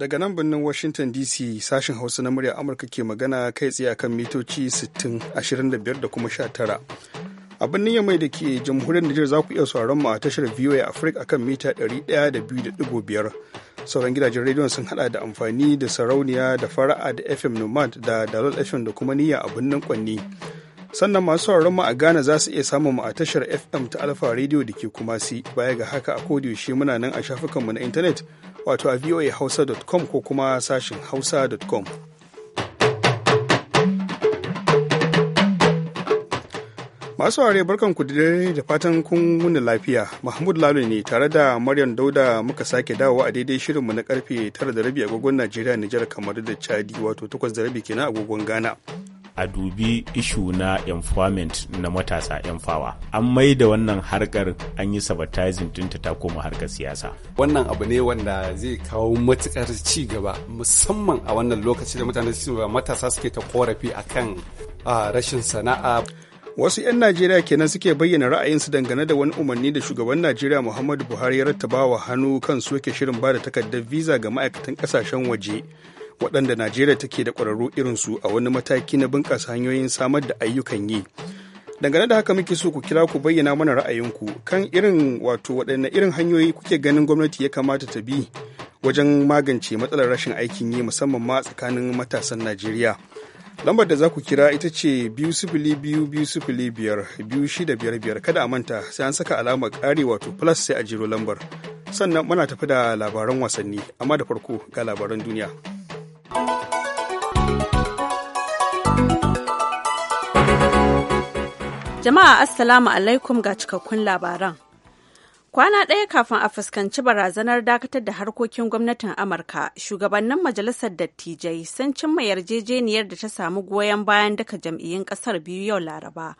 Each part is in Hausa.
daga nan birnin washington dc sashen hausa na murya amurka ke magana kai tsaye akan mitoci 60 25 da kuma 19 a birnin yamai da ke jamhuriyar Nijar za ku iya sauraron mu a tashar VOA Africa akan mita 102.5 sauran gidajen rediyon sun hada da amfani da sarauniya da fara'a da FM Nomad da Dalol FM da kuma niyya a birnin Kwanni sannan masu sauraron mu a Ghana za su iya samun mu a tashar FM ta Alfa Radio da ke kuma si baya ga haka a yaushe muna nan a shafukan mu na intanet wato a voahausa.com ko kuma sashin hausa.com. masu ware barkan ku da fatan kun wuni lafiya mahmud lalu ne tare da maryam dauda muka sake dawowa a daidai shirin mu na karfe 9 da rabi agogon najeriya nijar kamar da chadi wato 8 da rabi kenan agogon ghana a dubi ishu na employment na matasa yan fawa an mai da wannan harkar an yi sabatizing tunta ta koma harkar siyasa wannan abu ne wanda zai kawo matukar ci gaba musamman a wannan lokaci da mutane matasa suke ta korafi akan rashin sana'a wasu 'yan najeriya kenan suke bayyana ra'ayinsu dangane da wani umarni da shugaban najeriya muhammadu buhari ya rattaba wa hannu kan soke shirin bada takardar visa ga ma'aikatan kasashen waje waɗanda najeriya take da ƙwararru irinsu a wani mataki na bunƙasa hanyoyin samar da ayyukan yi dangane da haka muke so ku kira ku bayyana mana ra'ayinku kan irin wato waɗanne irin hanyoyi kuke ganin gwamnati ya kamata ta bi wajen magance matsalar rashin aikin yi musamman ma tsakanin matasan najeriya lambar da za ku kira ita ce biyu sifili biyu biyu sifili biyar biyu shida biyar biyar kada a manta sai an saka alamar ƙari wato plus sai a jiro lambar sannan muna tafi da labaran wasanni amma da farko ga labaran duniya. Jama'a Assalamu alaikum ga cikakkun labaran. Kwana ɗaya kafin a fuskanci barazanar dakatar da harkokin gwamnatin Amurka, shugabannin Majalisar Dattijai sun cimma yarjejeniyar da ta samu goyon bayan duka jam'iyyun ƙasar biyu yau Laraba,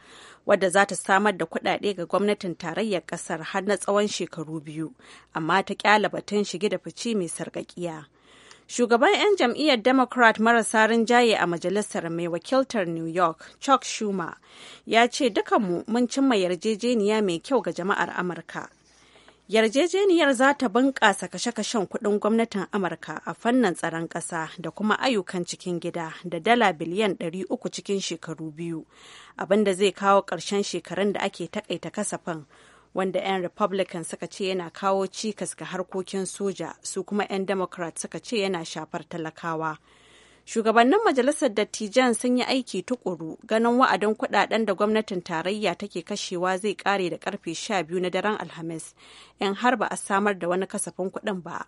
wadda za ta samar da kuɗaɗe ga gwamnatin tarayyar ƙasar har na tsawon shekaru biyu, amma ta ƙyala batun shige da fice mai sarƙaƙiya. Shugaban 'yan jam'iyyar Democrat marasa rinjaye a majalisar mai wakiltar New York, Chuck Schumer, ya ce dukanmu mun cimma yarjejeniya mai kyau ga jama'ar Amurka. Yarjejeniyar za ta bunƙasa kashe-kashen kuɗin gwamnatin Amurka a fannin tsaron ƙasa da kuma ayyukan cikin gida da dala biliyan uku cikin shekaru biyu, abin da zai kawo ƙarshen shekarun da ake taƙaita kasafin wanda 'yan republican suka ce yana kawo cikas ga harkokin soja su kuma 'yan democrat suka ce yana shafar talakawa Shugabannin Majalisar Dattijan sun yi aiki tukuru ganin wa'adin kudaden da gwamnatin tarayya take kashewa zai kare da karfe 12 na daren Alhamis in har ba a samar da wani kasafin kuɗin ba.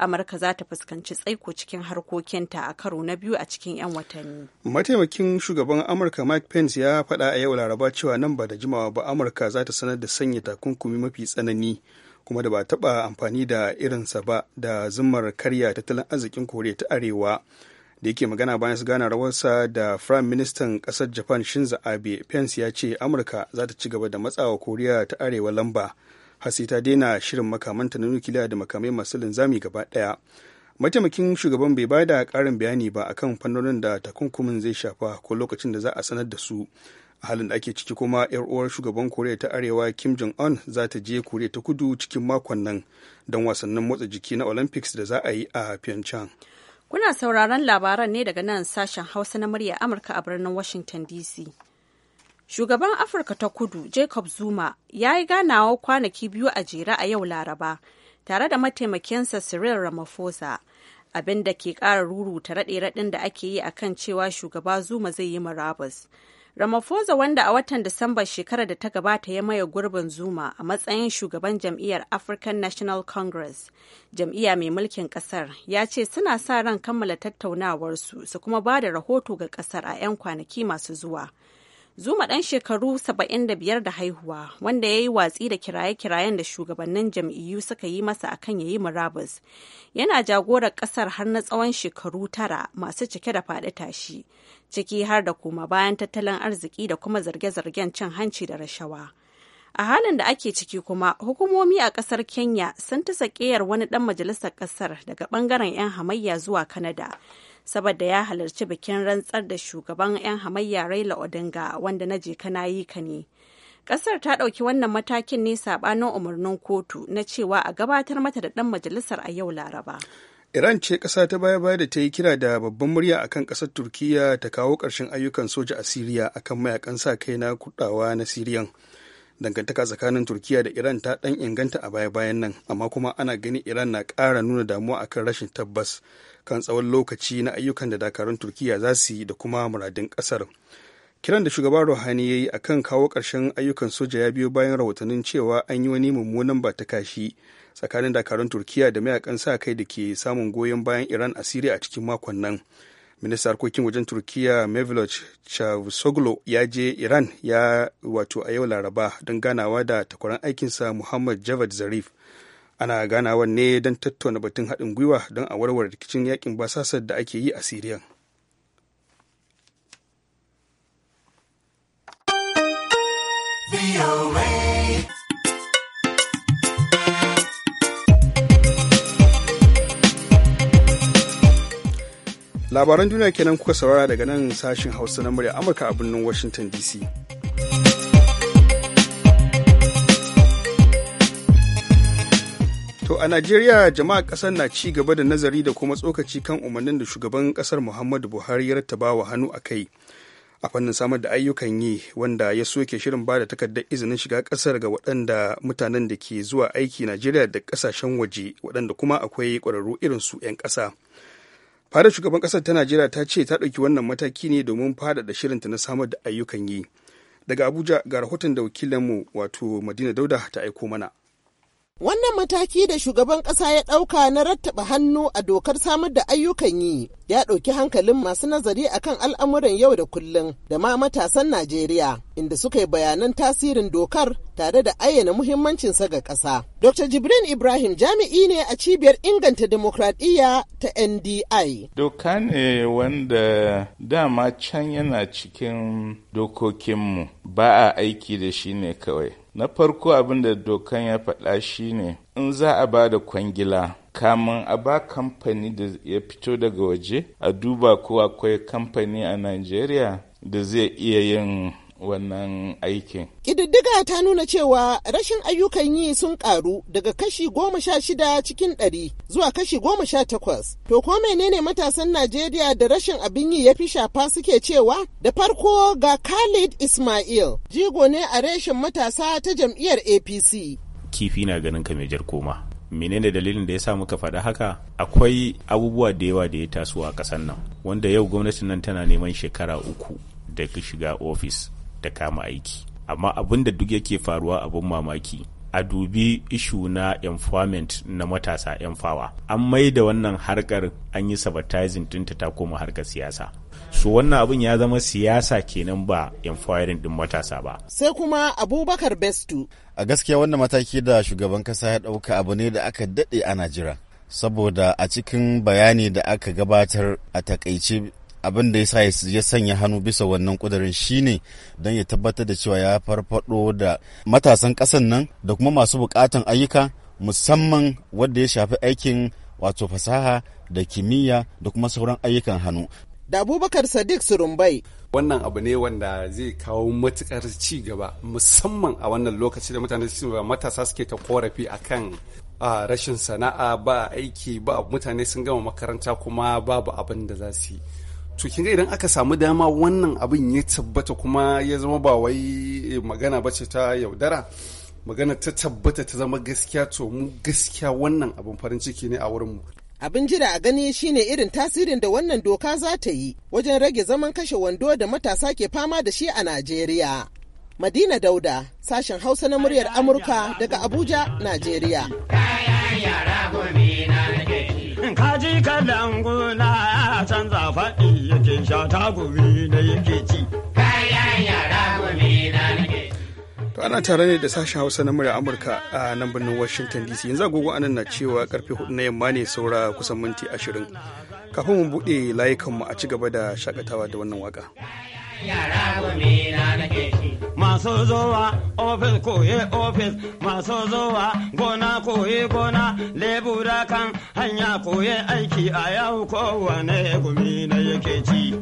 Amurka za ta fuskanci tsaiko cikin harkokinta a karo na biyu a cikin 'yan watanni. Mataimakin shugaban Amurka Mike Pence ya faɗa a yau Laraba cewa nan ba da jimawa ba Amurka za ta sanar da sanya takunkumi mafi tsanani kuma da ba taɓa amfani da irinsa ba da zumar karya tattalin arzikin Koriya ta Arewa. da yake magana bayan su gana rawarsa da prime ministan kasar japan shinza abe pence ya ce amurka za ta ci gaba da matsawa koriya ta arewa lamba hasi ta daina shirin makamanta na nukiliya da makamai masu linzami gaba daya mataimakin shugaban bai bada karin bayani ba akan fannonin da takunkumin zai shafa ko lokacin da za a sanar da su a halin da ake ciki kuma yar uwar shugaban koriya ta arewa kim jong un za ta je koriya ta kudu cikin makon nan don wasannin motsa jiki na olympics da za a yi a pyeongchang Kuna sauraron labaran ne daga nan sashen Hausa na murya Amurka a birnin Washington DC. Shugaban Afirka ta Kudu Jacob Zuma ya yi ganawa kwanaki biyu a jere a yau Laraba tare da mataimakinsa Cyril Ramaphosa. abin da ke ƙara ruruta raɗe-raɗin da ake yi akan cewa shugaba zuma zai yi murabus Ramaphosa wanda a watan Disambar shekarar da ta gabata ya maye gurbin Zuma a matsayin shugaban jam'iyyar African National Congress, jam'iyya mai mulkin kasar, ya ce suna sa ran kammala tattaunawarsu su kuma ba da rahoto ga kasar a 'yan kwanaki masu zuwa. Zuma ɗan shekaru saba'in da biyar da haihuwa wanda ya yi watsi da kiraye-kirayen da shugabannin jam'iyyu suka yi masa akan ya yi murabus. Yana jagorar ƙasar har na tsawon shekaru tara masu cike da faɗi tashi, ciki har da koma bayan tattalin arziki da kuma zarge-zargen cin hanci da rashawa. a halin da ake ciki kuma hukumomi a kasar kenya sun ta sakeyar wani dan majalisar kasar daga bangaren 'yan hamayya zuwa kanada saboda ya halarci bikin rantsar da shugaban 'yan hamayya raila odinga wanda na je kana yi ka ne kasar ta ɗauki wannan matakin ne sabanin umarnin kotu na cewa a gabatar mata da dan majalisar a yau laraba Iran ce ƙasa ta baya-baya da ta yi kira da babban murya akan kasar ƙasar Turkiyya ta kawo ƙarshen ayyukan soja a Siriya akan mayakan sa kai na kudawa na Siriyan. dangantaka tsakanin turkiya da iran ta dan inganta a baya-bayan nan amma kuma ana gani iran na kara nuna damuwa akan rashin tabbas kan tsawon lokaci na ayyukan da dakarun turkiya za su yi da kuma muradin ƙasar kiran da shugaban ruhani ya yi a kan kawo ƙarshen ayyukan soja ya biyo bayan rahotannin cewa an yi wani mummunan ba ta kashi tsakanin dakarun turkiya da mayakan sa kai da ke samun goyon bayan iran a a cikin makon nan minista harkokin wajen turkiya mevlut cavusoglu ya je iran ya wato a yau laraba don ganawa da takwaran aikinsa muhammad javad zarif ana ganawa ne don tattauna batun haɗin gwiwa don a warware rikicin yakin basasar da ake yi a siriya labaran duniya kenan kuka saurara daga nan sashin hausa na murya amurka a birnin washington dc To a Najeriya jama'a kasar na ci gaba da nazari da kuma tsokaci kan umarnin da shugaban kasar Muhammadu Buhari ya rattaba wa hannu a kai a fannin samar da ayyukan yi wanda ya soke shirin bada takardar izinin shiga kasar ga waɗanda mutanen da ke zuwa aiki Najeriya da kasashen waje waɗanda kuma akwai ƙwararru irin su 'yan ƙasa. fadar shugaban kasar ta najeriya ta ce ta ɗauki wannan mataki ne domin faɗaɗa shirinta na samar da ayyukan yi daga abuja ga rahoton da wakilinmu wato madina dauda ta aiko mana Wannan mataki da shugaban ƙasa ya ɗauka na rattaba hannu a dokar samar da ayyukan yi ya ɗauki hankalin masu nazari a kan al'amuran yau da kullum da ma matasan Najeriya inda suka yi bayanan tasirin dokar tare da ayyana muhimmancinsa ga ƙasa. Dr. Jibrin Ibrahim jami'i ne a cibiyar inganta demokradiyya ta NDI. Doka ne wanda dama can yana cikin dokokinmu ba a aiki da shi ne kawai. na farko abin da dokan ya faɗa shi ne in za a ba da kwangila kamun a ba kamfani da ya fito daga waje a duba ko akwai kamfani a Najeriya da zai iya yin wannan aikin. Ƙididdiga ta nuna cewa rashin ayyukan yi sun ƙaru daga kashi goma sha shida cikin ɗari zuwa kashi goma sha takwas. To ko menene matasan Najeriya da rashin abin yi ya fi shafa suke cewa? Da farko ga Khalid Ismail, jigo ne a reshen matasa ta jam'iyyar APC. Kifi na ganin ka mai koma. menene dalilin da ya sa muka faɗa haka akwai abubuwa da yawa da ya taso a ƙasar nan wanda yau gwamnatin nan tana neman shekara uku da shiga ofis da kama aiki amma abin da duk yake faruwa abin mamaki a dubi ishu na employment na matasa 'yan fawa an mai da wannan harkar an yi sabatizing dinta ta koma harkar siyasa su wannan abin ya zama siyasa kenan ba empowering din matasa ba sai kuma abubakar bestu a gaskiya wannan mataki da shugaban kasa ya dauka abu ne da aka dade ana jira saboda a cikin bayani da aka gabatar a takaice abin da ya ya sanya hannu bisa wannan kudirin shine don ya tabbatar da cewa ya farfado da matasan ƙasan nan da kuma masu bukatan ayyuka musamman wadda ya shafi aikin wato fasaha da kimiyya da kuma sauran ayyukan hannu. Da Abubakar Sadiq Surumbai. Wannan abu ne wanda zai kawo matukar ci gaba musamman a wannan lokaci da mutane matasa suke ta korafi akan a rashin sana'a ba aiki ba mutane sun gama makaranta kuma babu abin da za su yi. to kinga idan aka samu dama wannan abin ya tabbata kuma ya zama ba wai magana bace ta yaudara magana ta tabbata ta zama gaskiya to mu gaskiya wannan abin farin ciki ne a wurin mu. abin jira a gani shine irin tasirin da wannan doka za ta yi wajen rage zaman kashe wando da matasa ke fama da shi a najeriya madina dauda sashen hausa na muryar amurka daga abuja najeriya kaji kalanguna canza faɗi yake sha tagumi da yake ci. To ana tare ne da sashen Hausa na murya Amurka a nan birnin Washington DC. Yanzu agogo anan na cewa karfe hudu na yamma ne saura kusan minti ashirin. Kafin mu buɗe layukanmu a ci gaba da shakatawa da wannan waka. yara gumi na nake Masu zuwa ofis koye ofis, masu zuwa gona koye gona, lebura kan hanya koye aiki a yau kowane gumi na yake ci.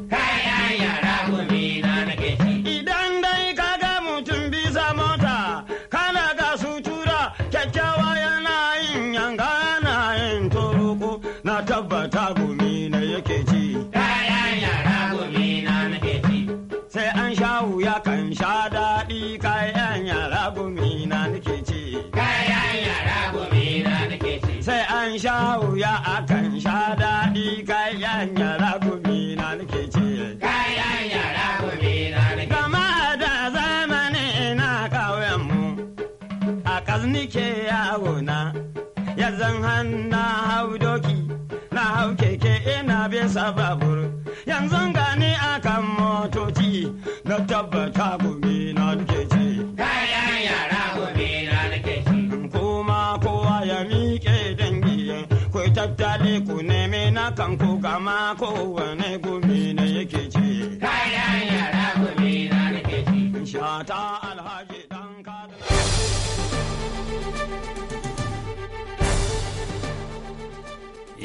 nan na hau doki na hau keke ina bisa babur yanzu gani akan motoci na tabbata gobe na duke mm, kuma kowa ya miƙe dangi ku tattali ku neme na kanku gama kowane gobe na yake ce kayan yara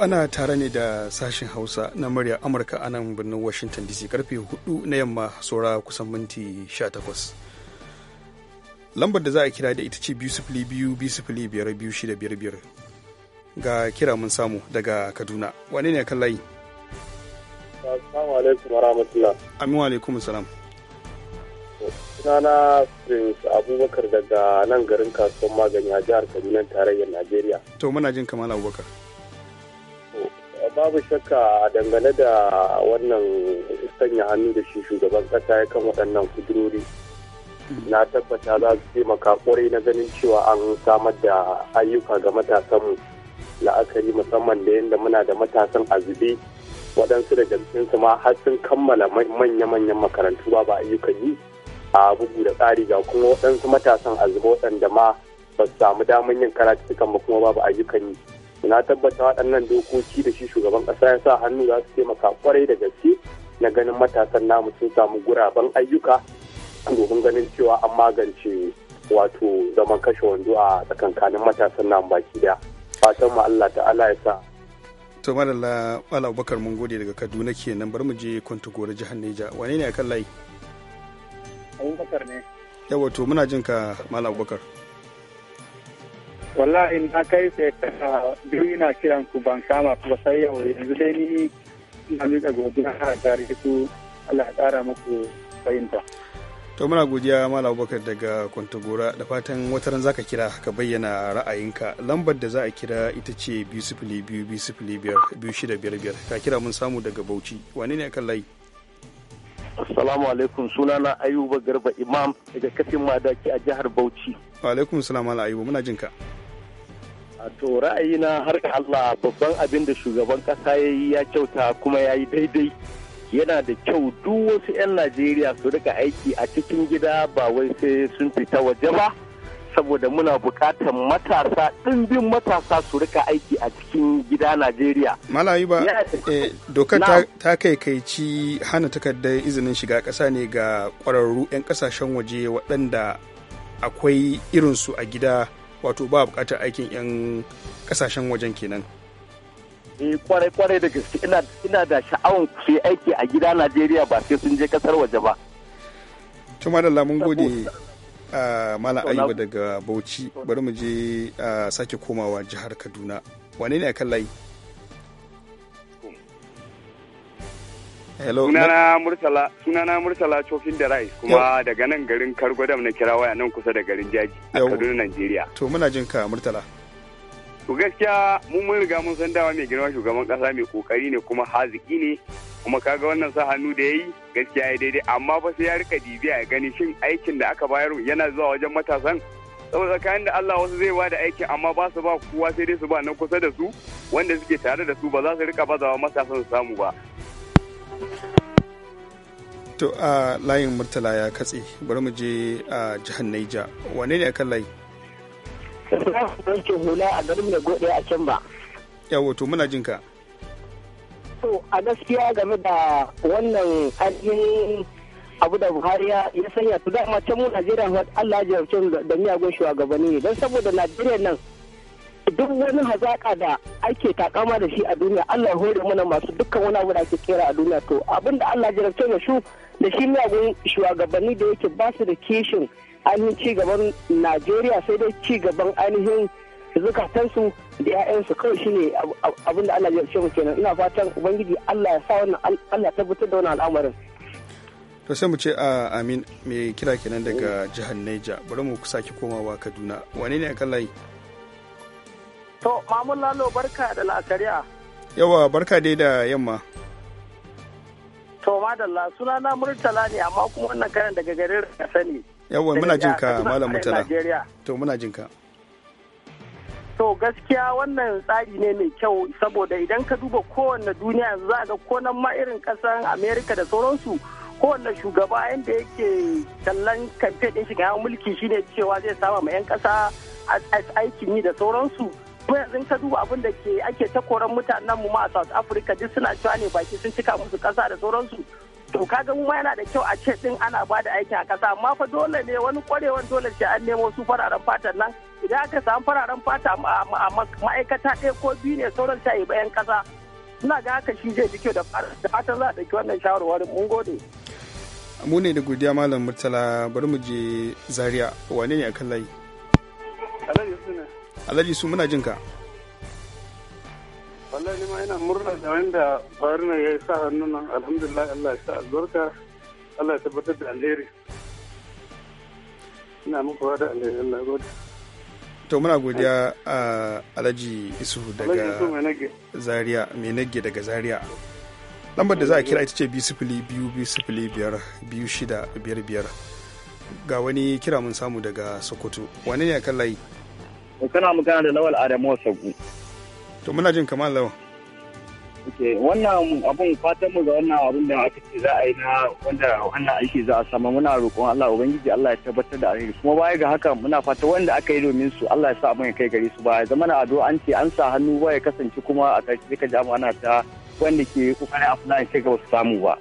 ana tare ne da sashen Hausa na murya Amurka a nan birnin Washington DC karfe 4 na yamma saura kusan minti 18. Lambar da za a kira da ita ce biyu 2 biyar biyu shida biyar biyar ga kira mun samu daga Kaduna. Wane ne kan layi? Assalamu Amin wa alaikum salam. sunana prince abubakar daga nan garin kasuwan magani a jihar kaduna tarayyar najeriya to muna jin kamar abubakar babu shakka dangane da wannan sanya hannu da shi shugaban kasa ya kan waɗannan kudurori na tabbata za su taimaka kwarai na ganin cewa an samar da ayyuka ga matasanmu la'akari musamman da yadda muna da matasan azubi waɗansu da jam'insu ma har sun kammala manya-manyan makarantu ba ba ayyukan yi a bugu da tsari ga kuma waɗansu matasan azubi waɗanda ma ba su samu damar yin karatu kuma ba kuma babu ayyukan yi na tabbata waɗannan dokoki da shi shugaban ƙasa ya sa hannu za su taimaka kwarai da gaske na ganin matasan namu sun samu guraben ayyuka domin ganin cewa an magance wato zaman kashe wando a tsakankanin matasan namu baki da fatan mu Allah ta'ala ya sa to madalla mala abubakar mun gode daga kaduna nan bar mu je kwantagora jihar neja wane ne kan layi abubakar ne yawa to muna jin ka abubakar wallahi na kai ka biyu ina kiran ku ban kama ku sai yau yanzu dai ni ina miƙa godiya a tare ku Allah ya ƙara muku fahimta to muna godiya malam abubakar daga kwantagora da fatan wata ran zaka kira ka bayyana ra'ayinka lambar da za a kira ita ce biyu sifili shida biyar biyar ka kira mun samu daga bauchi wane ne akan layi assalamu alaikum sunana ayuba garba imam daga kafin madaki a jihar bauchi wa alaikum salam ala ayuba muna jinka a to na har Allah babban abin da shugaban kasa ya yi ya kyauta kuma ya yi daidai yana da kyau duk wasu 'yan najeriya su rika aiki a cikin gida ba wai sai sun fita waje ba saboda muna bukatar matasa ɗimbin matasa su rika aiki a cikin gida najeriya malayi ba eh, dokar ta ci hana takardar izinin shiga ƙasa ne ga ƙwararru 'yan ƙasashen waje waɗanda akwai irinsu a gida wato ba bukatar aikin 'yan kasashen wajen kenan eh kwarai kwarai da gaske ina da sha'awun su aiki a gida Najeriya ba sai sun je kasar waje ba tuma da lamun gode a ah, malam ayuba daga Bauchi bari mu je ah, sake komawa jihar Kaduna wane ne akan layi Hello. Sunana Murtala, sunana Murtala Chofin da Rice kuma daga nan garin Kargodam na kira waya nan kusa da garin Jaji a Kaduna Najeriya. To muna jin ka Murtala. To gaskiya mun mun riga mun san dawa mai girma shugaban kasa mai kokari ne kuma haziki ne kuma kaga wannan sa hannu da yayi gaskiya ya daidai amma ba sai ya rika dibiya ya gani shin aikin da aka bayar yana zuwa wajen matasan saboda kayan da Allah wasu zai ba da aikin amma ba su ba kowa sai dai su ba na kusa da su wanda suke tare da su ba za su rika bazawa matasan su samu ba to a layin murtala ya katse bari mu je a jihar naija wane ne akan layi hula a garin da gode a can ba yawo to muna jinka to a gaskiya game da wannan ainihin abu da buhari ya sanya su amma can mu najeriya allah ya da miyagun shugabanni don saboda najeriya nan duk wani hazaƙa da ake takama da shi a duniya Allah ya hore mana masu dukkan wani abu da ake kera a duniya to abin da Allah jarabce da shu da shi miyagun shugabanni da yake ba su da kishin ainihin ci gaban Najeriya sai dai ci gaban ainihin zukatansu da 'ya'yansu kawai shine abin da Allah jarabce mu kenan ina fatan ubangiji Allah ya sa wannan Allah tabbatar da wannan al'amarin to sai mu ce a amin mai kira kenan daga jihar Niger bari mu sake komawa Kaduna wane ne akan layi To, Mamun Lalo barka da la'asariya. Yawa barka dai da yamma. To, Madalla, suna na Murtala ne, amma kuma wannan karan daga garin Rakasa ne. Yawa muna jin ka, Malam Murtala. To, muna jin ka. To, gaskiya wannan tsari ne mai kyau, saboda idan ka duba kowanne duniya yanzu za ga konan ma irin ƙasan Amerika da sauransu. kowanne shugaba yadda yake kallon kamfe ɗin shiga mulki shine cewa zai sama ma 'yan ƙasa aikin yi da sauransu ko yanzu ka duba abin da ke ake ta koran mutanen mu ma a South Africa duk suna cewa ne baki sun cika musu kasa da sauransu to ka ga mu yana da kyau a ce din ana ba da aikin a kasa amma fa dole ne wani kwarewan dole sai an nemo su fararen fatan nan idan aka samu fararen fata a ma'aikata ɗaya ko biyu ne sauran sai bayan kasa suna ga haka shi zai jike kyau da fatan za a ɗauki wannan shawarwarin mun gode. mu ne da godiya malam murtala bari mu je zaria wane ne akan layi alhaji su muna jinka wallahi ma ina murna da wanda barna ya sa hannu nan alhamdulillah Allah ya sa albarka Allah ya tabbatar da alheri ina muku da alheri Allah gode to muna godiya a alhaji isuhu daga zaria mai nage daga zaria lambar da za a kira ita ce biyu sifili biyu biyu sifili biyar biyu shida biyar biyar ga wani kira mun samu daga sokoto wani ne a kan layi kana magana da lawal adamu wasagu to muna jin kamar lawa wannan abun fatan mu ga wannan abun da aka ce za a yi na wanda wannan aiki za a samu muna roƙon Allah ubangiji Allah ya tabbatar da alheri kuma baya ga haka muna fata wanda aka yi domin su Allah ya sa abin ya kai gare su ba zama na ado an ce an sa hannu ba ya kasance kuma a ƙarshe ka jama'a na ta wanda ke kokarin aflayin kai ga su samu ba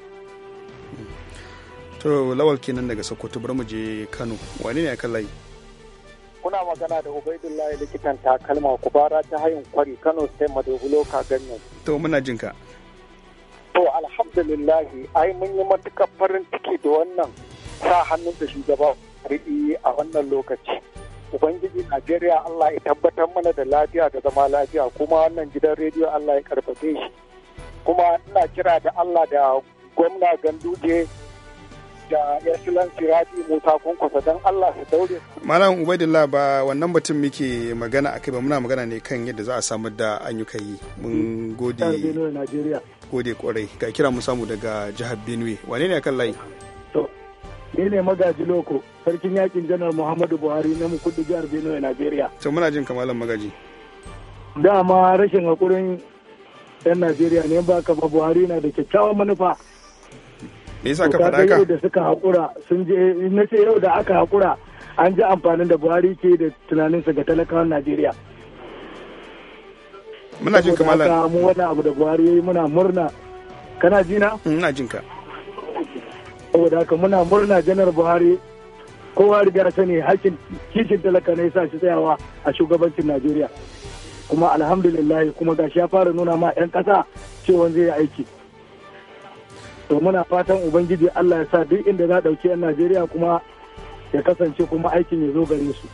to lawal kenan daga Sokoto bar mu je Kano wane ne aka layi kuna magana da ubaidullahi likitan takalma kubara ta hayin kwari kano sai madogulo ganye. to muna jin ka to alhamdulillahi ai mun yi matukar farin ciki da wannan sa hannun da shugaba riɗi a wannan lokaci ubangiji najeriya allah ya tabbatar mana da lafiya da zama lafiya kuma wannan gidan rediyo allah ya karfafe shi kuma ina kira da allah da gwamna ganduje da excellency rabi musa kunkusa don allah su daure malam Ubaidullah ba wannan batun muke magana akai ba muna magana ne kan yadda za a samar da ayyukan yi mun gode gode kwarai ga kira mu samu daga jihar benue wane ne akan layi ni ne magaji loko sarkin yakin janar muhammadu buhari na kudu jihar benue Najeriya. to muna jin kamalan magaji dama rashin hakurin yan najeriya ne ba ka ba buhari na da kyakkyawan manufa me yasa ka faɗa yau da aka an ji amfanin da Buhari ke muna jin kamala mu wani abu da buhari yayi muna murna kana ji na jin ka saboda ka muna murna janar buhari kowa riga sani hakkin kishin talaka ne sa shi tsayawa a shugabancin najeriya kuma alhamdulillah kuma gashi ya fara nuna ma yan kasa cewa zai yi aiki to muna fatan ubangiji allah ya sa duk inda za dauke 'yan najeriya kuma ya kasance kuma aikin ya zo gare su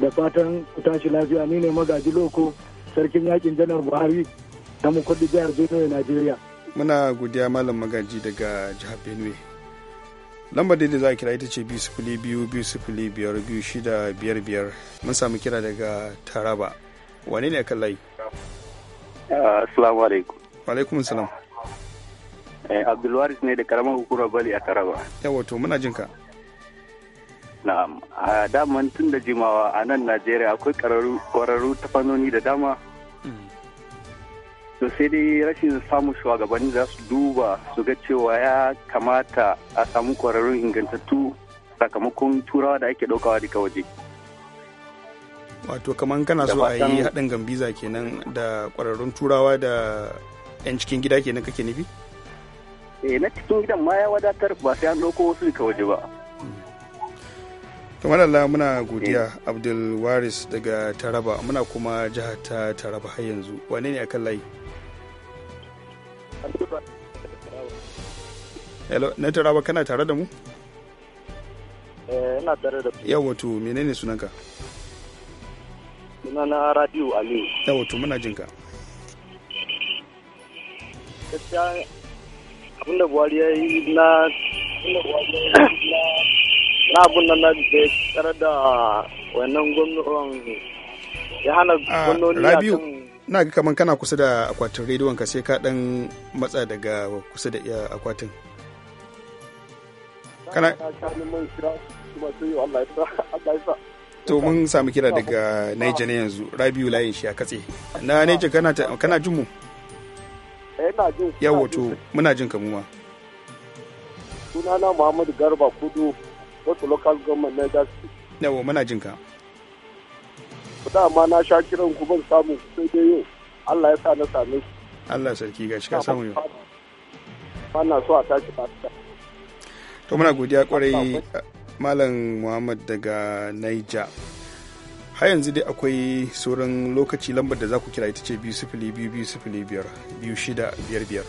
da fatan ku tashi lafiya ni ne magaji loko sarkin yakin janar buhari na mukulli jihar benue najeriya muna godiya malam magaji daga jihar benue lambar da za a kira ita ce biyu sifili biyu biyu sifili biyar biyu shida biyar biyar mun samu kira daga taraba wane ne kan layi assalamu alaikum alaikum salam Eh, Abdulwaris ne da karamar hukumar Bali a Taraba. Yawa to muna jin ka. Na'am, a daman tun da jimawa a nan Najeriya akwai kwararru ta fannoni da dama. Mm. To sai dai rashin samun shugabanni za su duba su ga cewa ya kamata a samu ƙwararrun ingantattu sakamakon turawa da ake ɗaukawa daga waje. Wato kamar kana so a yi haɗin gambiza kenan da ƙwararrun turawa da 'yan cikin gida kenan kake nufi? eh na cikin gidan ma ya wadatar ba sai an ɗauko wasu ka waje ba kamar Allah muna godiya Abdul Waris daga Taraba muna kuma jihar ta Taraba har yanzu wane ne akan layi Hello na Taraba kana tare da mu eh, ina tare da ku Yau wato menene sunanka Sunana Radio Aliyu Yau wato muna jinka abin da buhari ya yi na na abin da na da tsara da wannan gwamnan ya hana ah, gwamnoni rabiu na ga kaman kana kusa da akwatin rediyon ka sai ka dan matsa daga kusa da iya akwatin kana to mun samu kira daga Niger ne yanzu Rabiu layin shi a katse na Niger kana jin mu Eh, ina jin muna jin kamuma. Sunana Muhammadu Garba Kudu, wasu local government na Jaski. Yawo muna jin ka. Dama na sha kiran ku ban samu sai dai yau. Allah ya sa na same shi. Allah sarki gashi ka samu yau. Ana so a tashi fata. To muna godiya kwarai Malam Muhammad daga Niger. har yanzu dai akwai sauran lokaci lambar da za ku kira ita ce biyu sifili biyu biyu sifili biyar biyu shida biyar biyar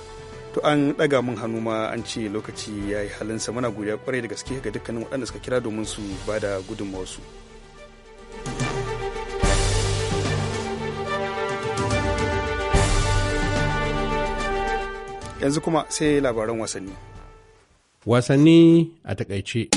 to an ɗaga min hannu ma an ce lokaci ya yi halinsa muna godiya kwarai da gaske ga dukkanin waɗanda suka kira domin su ba da gudunmawarsu. yanzu kuma sai labaran wasanni wasanni a takaice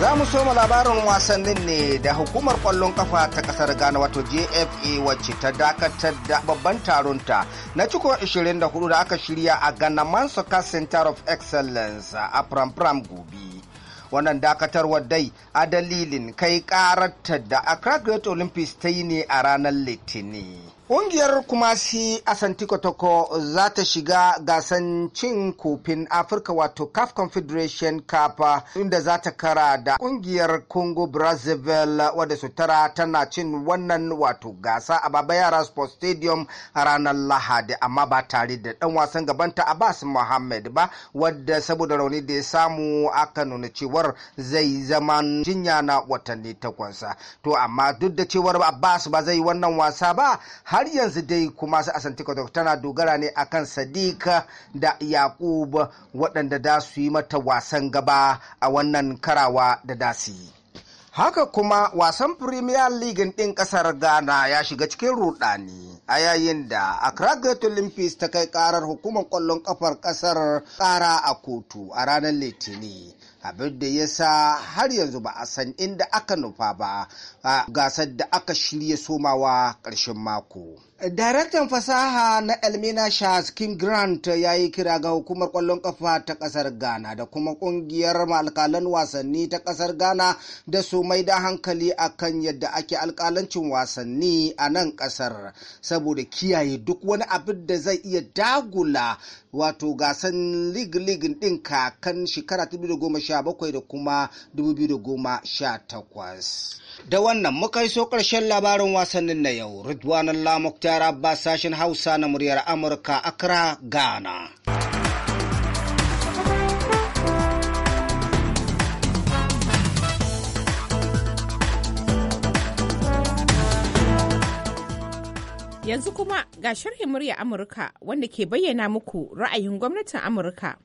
Za mu soma labarin wasannin ne da hukumar kwallon kafa ta kasar Ghana wato JFA wacce ta dakatar da babban taronta na cikon 24 da aka shirya a Ghana Mansoka Center of Excellence a Pram gobe Wannan dakatarwar dai a dalilin kai karatar da Accra Great Olympics ta yi ne a ranar Litinin. Ƙungiyar Kumasi Asanti Kotoko za ta shiga gasan cin kofin Afirka wato CAF Confederation Cup inda za ta kara da ƙungiyar Congo Brazzaville wadda su tana cin wannan wato gasa a Baba Yara Sports Stadium a ranar Lahadi amma ba tare da ɗan wasan gabanta Abbas Mohammed ba wadda saboda rauni da ya samu aka nuna cewar zai zama jinya na watanni takwasa To amma duk da cewar Abbas ba zai yi wannan wasa ba har yanzu dai kuma su asanti tana dogara ne akan sadika da yakub waɗanda da su yi mata wasan gaba a wannan karawa da dasi haka kuma wasan premier league ɗin ƙasar ghana ya shiga cikin rudani a yayin da accra great olympics ta kai karar hukumar kwallon kafar ƙasar tsara a kotu a ranar litinin abin da ya sa har yanzu ba a san inda aka nufa ba a gasar da aka shirya somawa ƙarshen mako. Daraktan fasaha na Elmina Shahs king Grant ya yi kira ga hukumar kwallon ƙafa ta ƙasar Ghana da kuma ƙungiyar alƙalan wasanni ta ƙasar Ghana da su mai da hankali a kan yadda ake alƙalancin wasanni a nan ƙasar saboda kiyaye duk wani abin da zai iya dagula wato gasan league league din kakan shekara 2017 da kuma 2018 da wannan muka so ƙarshen labarin wasannin na yau ridwanan lamuk tara ba sashen hausa na muryar amurka accra ghana Yanzu kuma ga sharhin murya Amurka wanda ke bayyana muku ra'ayin gwamnatin Amurka.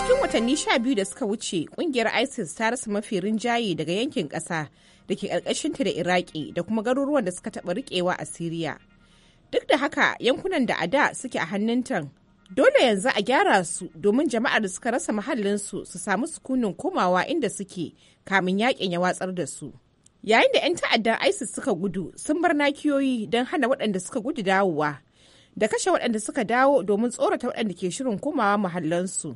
Cikin watanni sha biyu da suka wuce, kungiyar ISIS ta rasa mafi rinjaye daga yankin ƙasa da ke ƙarƙashinta da Iraki da kuma garuruwan da suka taɓa riƙewa a Siriya. Duk da haka yankunan da a da suke a hannunta dole yanzu a gyara su domin jama'ar da suka rasa mahallinsu su samu sukunin komawa inda suke kamin yaƙin ya watsar da su. Yayin da 'yan ta'addan ISIS suka gudu sun bar nakiyoyi don hana waɗanda suka gudu dawowa da kashe waɗanda suka dawo domin tsorata waɗanda ke shirin komawa muhallansu.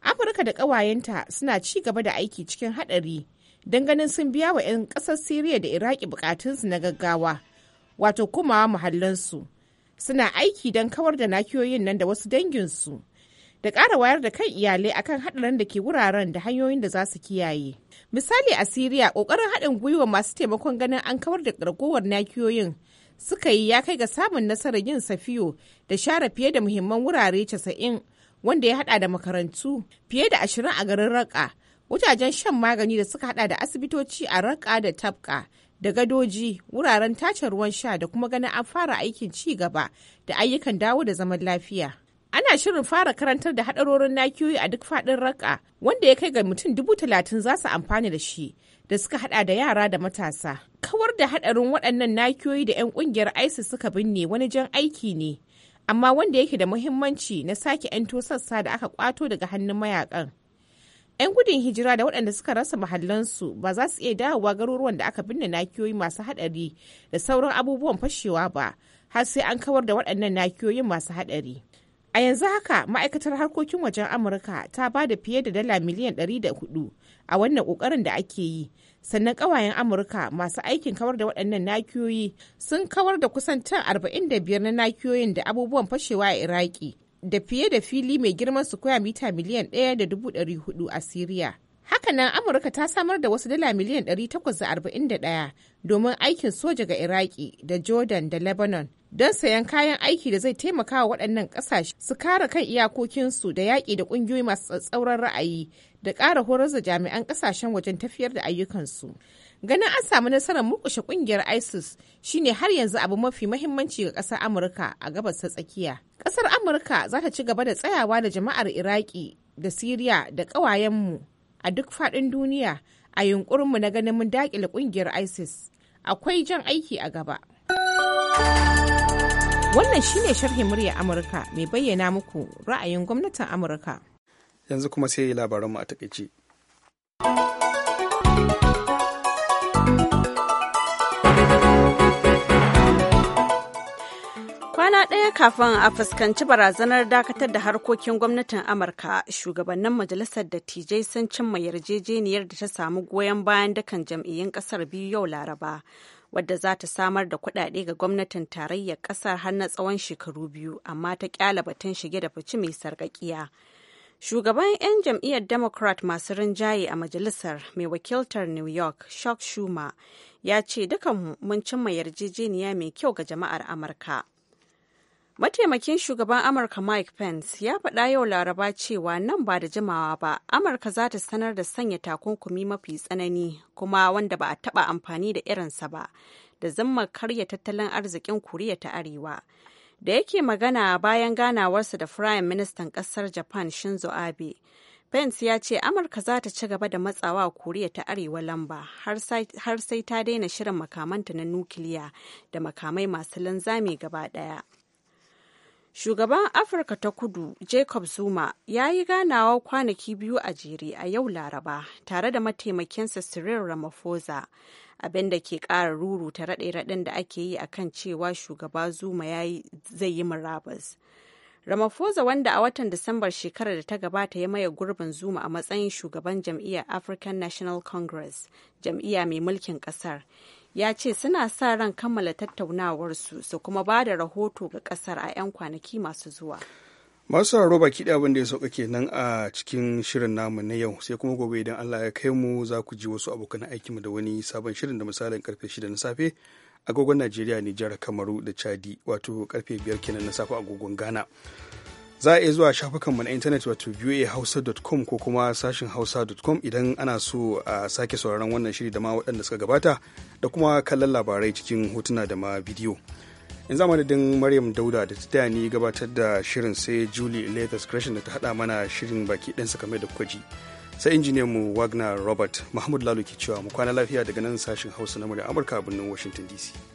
Afirka da ƙawayenta suna ci gaba da aiki cikin haɗari don ganin sun biya wa 'yan ƙasar Siriya da Iraki buƙatunsu na gaggawa, wato komawa muhallansu. Suna aiki don kawar da nakiyoyin nan da wasu danginsu. da ƙara wayar da kan iyalai akan haɗarin da ke wuraren da hanyoyin da za su kiyaye. Misali a Siriya, ƙoƙarin haɗin gwiwa masu taimakon ganin an kawar da ragowar nakiyoyin suka yi ya kai ga samun nasarar yin safiyo da share fiye da muhimman wurare casa'in wanda ya haɗa da makarantu fiye da ashirin a garin Raqqa, wajajen shan magani da suka haɗa da asibitoci a Raqqa da Tabqa. da gadoji wuraren tace ruwan sha da kuma ganin an fara aikin ci gaba da ayyukan dawo da zaman lafiya. Ana shirin fara karantar da haɗarorin nakiyoyi a duk faɗin raka wanda ya kai ga mutum dubu talatin za su amfani da shi da suka haɗa da yara da matasa. Kawar da haɗarin waɗannan nakiyoyi da 'yan ƙungiyar ISIS suka binne wani jan aiki ne, amma wanda yake da muhimmanci na sake 'yan sassa da aka kwato daga hannun mayakan. 'Yan gudun hijira da waɗanda suka rasa mahallansu ba za su iya dawowa garuruwan da aka binne nakiyoyi masu haɗari da sauran abubuwan fashewa ba, har sai an kawar da waɗannan nakiyoyin masu haɗari. A yanzu haka ma'aikatar harkokin wajen Amurka ta ba da fiye da dala miliyan 104 a wannan ƙoƙarin da ake yi. Sannan ƙawayen Amurka masu aikin kawar da waɗannan nakiyoyi sun kawar da kusan tan 45 na nakiyoyin da abubuwan fashewa a Iraki da fiye da fili mai girman sukwaya mita miliyan 1.400 a Siriya. Hakanan Amurka ta samar da wasu dala miliyan 841 domin aikin soja ga Iraki da Jordan da Lebanon don sayan kayan aiki da zai taimaka wa waɗannan ƙasashe su kare kan iyakokinsu da yaƙi da ƙungiyoyi masu tsatsauran ra'ayi da ƙara horar da jami'an ƙasashen wajen tafiyar da ayyukansu. Ganin an samu nasarar murƙushe ƙungiyar ISIS shine har yanzu abu mafi mahimmanci ga ƙasar Amurka a gabas ta tsakiya. Ƙasar Amurka za ta ci gaba da tsayawa da jama'ar Iraki da Siriya da ƙawayenmu a duk faɗin duniya a yunƙurinmu na ganin mun daƙile ƙungiyar ISIS. Akwai jan aiki a gaba. Wannan shine sharhin murya Amurka mai bayyana muku ra'ayin gwamnatin Amurka. Yanzu kuma sai labaranmu a takaice. Kwana ɗaya kafin a fuskanci barazanar dakatar da harkokin gwamnatin Amurka, shugabannin majalisar dattijai sun cimma yarjejeniyar da ta samu goyon bayan dukan jam'iyyun ƙasar biyu yau Laraba. wadda za ta samar da kuɗaɗe ga gwamnatin tarayyar ƙasar har na tsawon shekaru biyu amma ta kyala batun shige da fice mai sarƙaƙiya. Shugaban 'yan jam'iyyar Democrat masu rinjaye a majalisar mai wakiltar New York, Chuck Schumer, ya ce mu, mun cimma yarjejeniya mai kyau ga jama'ar Amurka. Mataimakin shugaban Amurka Mike Pence ya faɗa yau Laraba cewa nan ba da jimawa ba, Amurka za ta sanar da sanya takunkumi mafi tsanani kuma wanda ba a taɓa amfani da irinsa ba, da zama karya tattalin arzikin Koriya ta Arewa. Da yake magana bayan ganawarsa da Firayim Ministan ƙasar Japan Shinzo Abe, Pence ya ce Amurka za ta ci gaba da matsawa Koriya ta Arewa lamba har sai ta daina shirin makamanta na nukiliya da makamai masu linzami gaba ɗaya. Shugaban Afirka ta Kudu Jacob Zuma ya yi ganawa kwanaki biyu a jere a yau Laraba tare da mataimakinsa Cyril Ramaphosa abin da ke ƙara ruruta raɗe-raɗen da ake yi a kan cewa shugaba Zuma zai yi murabus. Ramaphosa wanda a watan Disambar shekarar da ta gabata ya maye gurbin Zuma a matsayin shugaban jam'iyyar African National Congress, jam'iyya mai mulkin kasar. ya ce suna sa ran kammala tattaunawarsu su kuma ba da rahoto ga kasar a 'yan kwanaki masu zuwa. masu sauraro baki da abin da ya sauka kenan a cikin shirin namu na yau sai kuma gobe idan Allah ya kai mu za ku ji wasu abokan aikinmu da wani sabon shirin da misalin karfe 6 na safe agogon Najeriya Nijar Kamaru da Chadi wato karfe 5 kenan na safe agogon Ghana za a iya zuwa shafukanmu na intanet wato voahausa.com ko kuma sashin hausa.com idan ana so a sake sauraron wannan shiri da ma waɗanda suka gabata da kuma kallon labarai cikin hotuna da ma bidiyo in zama da maryam dauda da ta tayani gabatar da shirin sai julie leathers rashin da ta haɗa mana shirin baki ɗansa kamar da ji sai injiniyan mu wagner robert mahmud lalu ke cewa mu kwana lafiya daga nan sashin hausa na murya amurka a birnin washington dc